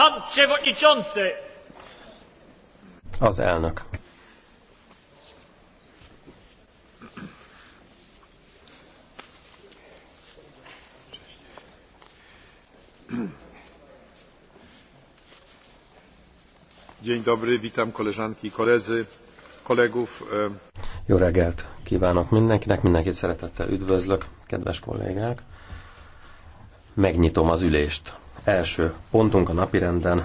Pan przewodniczący! Az elnök. Dzień dobry, witam koleżanki i koledzy, kolegów. Jó reggelt kívánok mindenkinek, mindenkit szeretettel üdvözlök, kedves kollégák. Megnyitom az ülést első pontunk a napirenden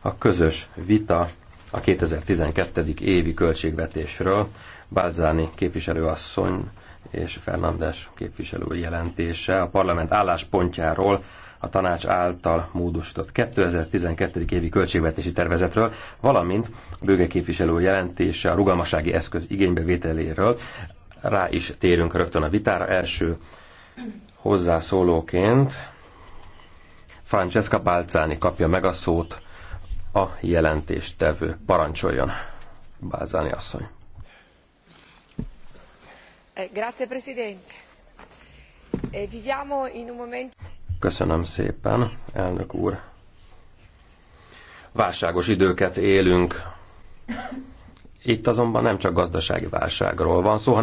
a közös vita a 2012. évi költségvetésről Bálzáni képviselőasszony és Fernandes képviselő jelentése a parlament álláspontjáról a tanács által módosított 2012. évi költségvetési tervezetről, valamint a bőge képviselő jelentése a rugalmassági eszköz igénybevételéről. Rá is térünk rögtön a vitára. Első hozzászólóként Francesca Balzani kapja meg a szót, a jelentéstevő. Parancsoljon, Balzani asszony. Eh, grazie, Presidente. Eh, Köszönöm szépen, elnök úr. Válságos időket élünk. Itt azonban nem csak gazdasági válságról van szó,